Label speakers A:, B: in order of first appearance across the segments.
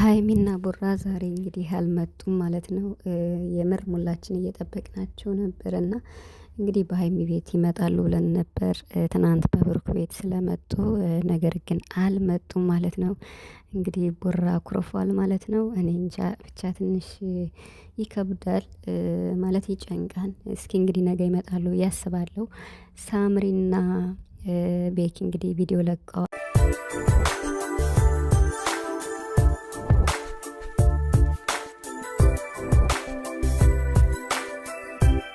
A: ሀይሚና ቡራ ዛሬ እንግዲህ አልመጡም ማለት ነው። የምር ሙላችን እየጠበቅናቸው ነበር እና እንግዲህ በሀይሚ ቤት ይመጣሉ ብለን ነበር። ትናንት በብሩክ ቤት ስለመጡ ነገር ግን አልመጡም ማለት ነው። እንግዲህ ቡራ ኩርፏል ማለት ነው። እኔ እንጃ ብቻ ትንሽ ይከብዳል ማለት ይጨንቃን። እስኪ እንግዲህ ነገ ይመጣሉ ያስባለሁ። ሳምሪና ቤኪ እንግዲህ ቪዲዮ ለቀዋል።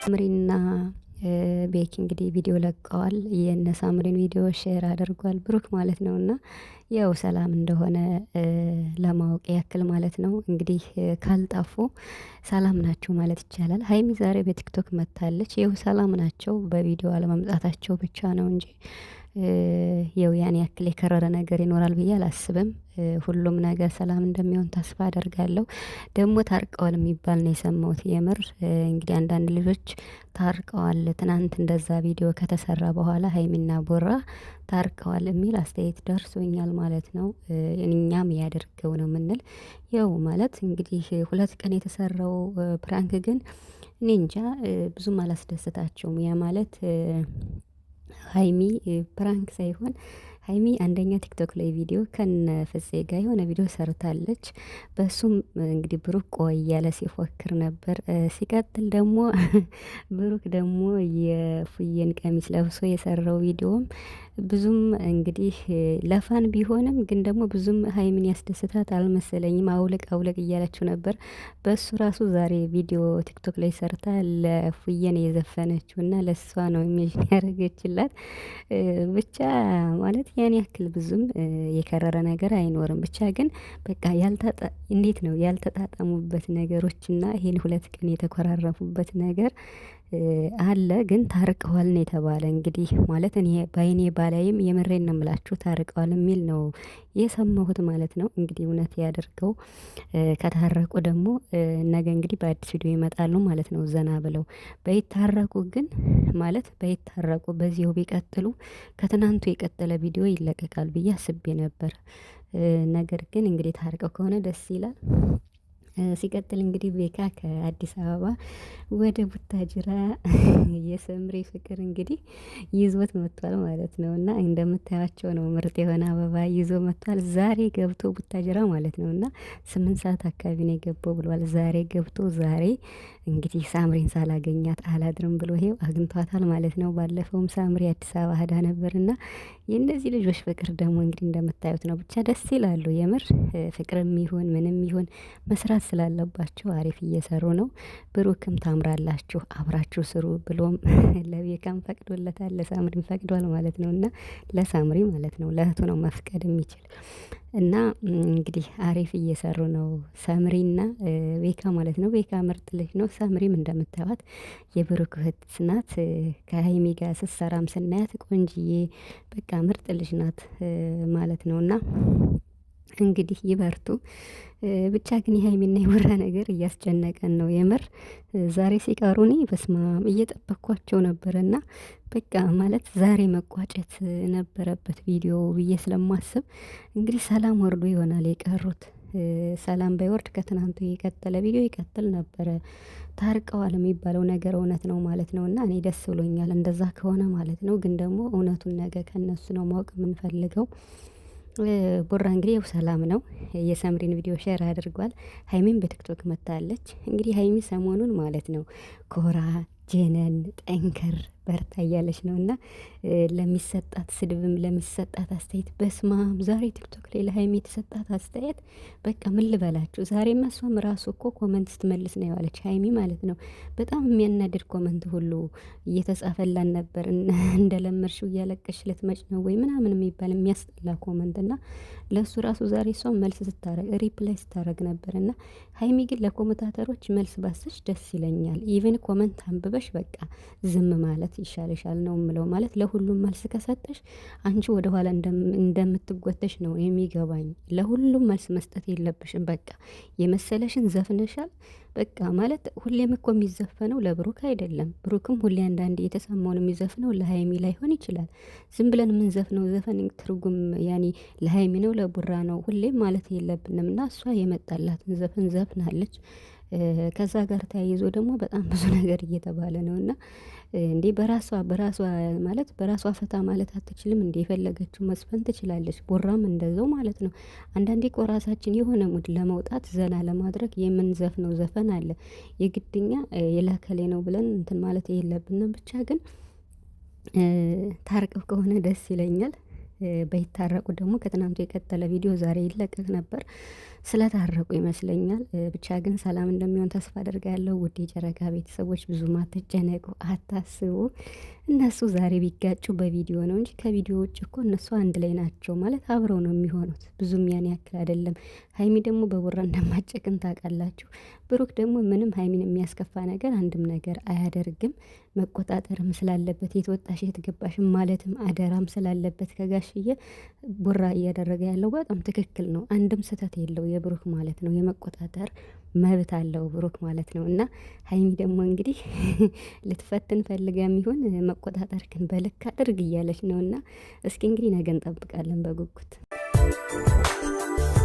A: ሳምሪና ቤኪ እንግዲህ ቪዲዮ ለቀዋል። የነ ሳምሪን ቪዲዮ ሼር አድርጓል ብሩክ ማለት ነው። እና ያው ሰላም እንደሆነ ለማወቅ ያክል ማለት ነው። እንግዲህ ካልጣፉ ሰላም ናቸው ማለት ይቻላል። ሀይሚ ዛሬ በቲክቶክ መታለች። ይኸው ሰላም ናቸው። በቪዲዮ አለመምጣታቸው ብቻ ነው እንጂ ያው ያን ያክል የከረረ ነገር ይኖራል ብዬ አላስብም። ሁሉም ነገር ሰላም እንደሚሆን ተስፋ አደርጋለሁ። ደግሞ ታርቀዋል የሚባል ነው የሰማሁት። የምር እንግዲህ አንዳንድ ልጆች ታርቀዋል ትናንት እንደዛ ቪዲዮ ከተሰራ በኋላ ሀይሚና ቦራ ታርቀዋል የሚል አስተያየት ደርሶኛል ማለት ነው። እኛም ያደርገው ነው የምንል ያው ማለት እንግዲህ ሁለት ቀን የተሰራው ፕራንክ ግን እኔ እንጃ ብዙም አላስደስታቸውም። ያ ማለት ሀይሚ ፕራንክ ሳይሆን ሀይሚ አንደኛ ቲክቶክ ላይ ቪዲዮ ከነ ፍጼ ጋ የሆነ ቪዲዮ ሰርታለች። በሱም እንግዲህ ብሩክ ቆይ እያለ ሲፎክር ነበር። ሲቀጥል ደግሞ ብሩክ ደግሞ የፉየን ቀሚስ ለብሶ የሰራው ቪዲዮም ብዙም እንግዲህ ለፋን ቢሆንም ግን ደግሞ ብዙም ሀይሚን ያስደስታት አልመሰለኝም። አውለቅ አውለቅ እያለችው ነበር። በሱ ራሱ ዛሬ ቪዲዮ ቲክቶክ ላይ ሰርታ ለፉየን የዘፈነችው እና ለእሷ ነው ኢሜጅን ያደረገችላት። ብቻ ማለት ያን ያክል ብዙም የከረረ ነገር አይኖርም። ብቻ ግን በቃ እንዴት ነው ያልተጣጣሙበት ነገሮች እና ይሄን ሁለት ቀን የተኮራረፉበት ነገር አለ ግን ታርቀዋል ነው የተባለ። እንግዲህ ማለት እኔ በአይኔ ባላይም የምሬን ነው የምላችሁ ታርቀዋል የሚል ነው የሰማሁት ማለት ነው። እንግዲህ እውነት ያደርገው። ከታረቁ ደግሞ ነገ እንግዲህ በአዲስ ቪዲዮ ይመጣሉ ማለት ነው ዘና ብለው። በይታረቁ ግን ማለት በይታረቁ በዚሁ ቢቀጥሉ ከትናንቱ የቀጠለ ቪዲዮ ይለቀቃል ብዬ አስቤ ነበር። ነገር ግን እንግዲህ ታርቀው ከሆነ ደስ ይላል። ሲቀጥል እንግዲህ ቤካ ከአዲስ አበባ ወደ ቡታጅራ የሰምሪ ፍቅር እንግዲህ ይዞት መጥቷል ማለት ነው። እና እንደምታያቸው ነው ምርጥ የሆነ አበባ ይዞ መጥቷል። ዛሬ ገብቶ ቡታጅራ ማለት ነው። እና ስምንት ሰዓት አካባቢ ነው የገባው ብሏል። ዛሬ ገብቶ ዛሬ እንግዲህ ሳምሪን ሳላገኛት አላድርም ብሎ ይሄው አግኝቷታል ማለት ነው። ባለፈውም ሳምሪ አዲስ አበባ ሄዳ ነበርና የእነዚህ ልጆች ፍቅር ደግሞ እንግዲህ እንደምታዩት ነው። ብቻ ደስ ይላሉ የምር ፍቅርም ይሁን ምንም ይሁን መስራት ስላለባችሁ አሪፍ እየሰሩ ነው። ብሩክም ታምራላችሁ፣ አብራችሁ ስሩ ብሎም ለቤካም ፈቅዶለታል፣ ለሳምሪም ፈቅዷል ማለት ነው እና ለሳምሪ ማለት ነው ለእህቱ ነው መፍቀድ የሚችል እና እንግዲህ አሪፍ እየሰሩ ነው ሰምሪና ቤካ ማለት ነው። ቤካ ምርጥ ልጅ ነው። ሰምሪም እንደምታዩት የብሩክ እህት ናት። ከሀይሚ ጋር ስትሰራም ስናያት ቆንጅዬ በቃ ምርጥ ልጅ ናት ማለት ነው እና እንግዲህ ይበርቱ። ብቻ ግን የሀይሚና የቡራ ነገር እያስጨነቀን ነው የምር። ዛሬ ሲቀሩኒ በስማም እየጠበኳቸው ነበረና በቃ ማለት ዛሬ መቋጨት ነበረበት ቪዲዮ ብዬ ስለማስብ እንግዲህ ሰላም ወርዶ ይሆናል የቀሩት። ሰላም ባይወርድ ከትናንቱ የቀጠለ ቪዲዮ ይቀጥል ነበረ። ታርቀዋል የሚባለው ነገር እውነት ነው ማለት ነው እና እኔ ደስ ብሎኛል እንደዛ ከሆነ ማለት ነው። ግን ደግሞ እውነቱን ነገ ከነሱ ነው ማወቅ የምንፈልገው። ቦራ እንግዲህ ያው ሰላም ነው። የሰምሪን ቪዲዮ ሼር አድርጓል። ሀይሚን በቲክቶክ መታለች። እንግዲህ ሀይሚ ሰሞኑን ማለት ነው ኮራ ጀነን ጠንከር በርታ እያለች ነው እና ለሚሰጣት ስድብም ለሚሰጣት አስተያየት በስማም ዛሬ ቲክቶክ ላይ ለሀይሚ የተሰጣት አስተያየት በቃ ምን ልበላችሁ። ዛሬ እሷም ራሱ እኮ ኮመንት ስትመልስ ነው የዋለች ሀይሚ ማለት ነው። በጣም የሚያናድድ ኮመንት ሁሉ እየተጻፈላን ነበር። እንደለመድሽው እያለቀሽ ልትመጭ ነው ወይ ምናምን የሚባል የሚያስጠላ ኮመንት እና ለእሱ ራሱ ዛሬ እሷ መልስ ስታረግ ሪፕላይ ስታረግ ነበር እና ሀይሚ ግን ለኮመንታተሮች መልስ ባሰች ደስ ይለኛል። ኢቨን ኮመንት አንብበሽ በቃ ዝም ማለት ይሻልሻል ነው የምለው። ማለት ለሁሉም መልስ ከሰጠሽ አንቺ ወደኋላ እንደምትጎተሽ ነው የሚገባኝ። ለሁሉም መልስ መስጠት የለብሽም። በቃ የመሰለሽን ዘፍነሻል። በቃ ማለት ሁሌም እኮ የሚዘፈነው ለብሩክ አይደለም። ብሩክም ሁሌ አንዳንድ የተሰማውን የሚዘፍነው ለሀይሚ ላይሆን ይችላል። ዝም ብለን የምንዘፍነው ዘፈን ትርጉም ያኔ ለሀይሚ ነው ለቡራ ነው ሁሌም ማለት የለብንም እና እሷ የመጣላትን ዘፈን ዘፍናለች። ከዛ ጋር ተያይዞ ደግሞ በጣም ብዙ ነገር እየተባለ ነው እና እንዴ በራሷ በራሷ ማለት በራሷ ፈታ ማለት አትችልም እንዴ የፈለገችው መስፈን ትችላለች። ቦራም እንደዛው ማለት ነው። አንዳንዴ እኮ ራሳችን የሆነ ሙድ ለመውጣት ዘና ለማድረግ የምንዘፍነው ዘፈን አለ። የግድኛ የላከሌ ነው ብለን እንትን ማለት የለብንም። ብቻ ግን ታርቀው ከሆነ ደስ ይለኛል። በይታረቁ ደግሞ ከትናንቱ የቀጠለ ቪዲዮ ዛሬ ይለቀቅ ነበር። ስለታረቁ ይመስለኛል። ብቻ ግን ሰላም እንደሚሆን ተስፋ አድርጋለሁ። ውድ የጨረቃ ቤተሰቦች ብዙ አትጨነቁ፣ አታስቡ። እነሱ ዛሬ ቢጋጩ በቪዲዮ ነው እንጂ ከቪዲዮ ውጭ እኮ እነሱ አንድ ላይ ናቸው ማለት አብረው ነው የሚሆኑት። ብዙም ያን ያክል አይደለም። ሀይሚ ደግሞ በቡራ እንደማጨቅን ታውቃላችሁ። ብሩክ ደግሞ ምንም ሀይሚን የሚያስከፋ ነገር አንድም ነገር አያደርግም። መቆጣጠርም ስላለበት የተወጣሽ የተገባሽም ማለትም አደራም ስላለበት ከጋሽዬ ቡራ እያደረገ ያለው በጣም ትክክል ነው። አንድም ስህተት የለው የብሩክ ማለት ነው። የመቆጣጠር መብት አለው ብሩክ ማለት ነው። እና ሀይሚ ደግሞ እንግዲህ ልትፈትን ፈልጋ የሚሆን ግን በልክ አድርግ እያለች ነው። እና እስኪ እንግዲህ ነገ እንጠብቃለን በጉጉት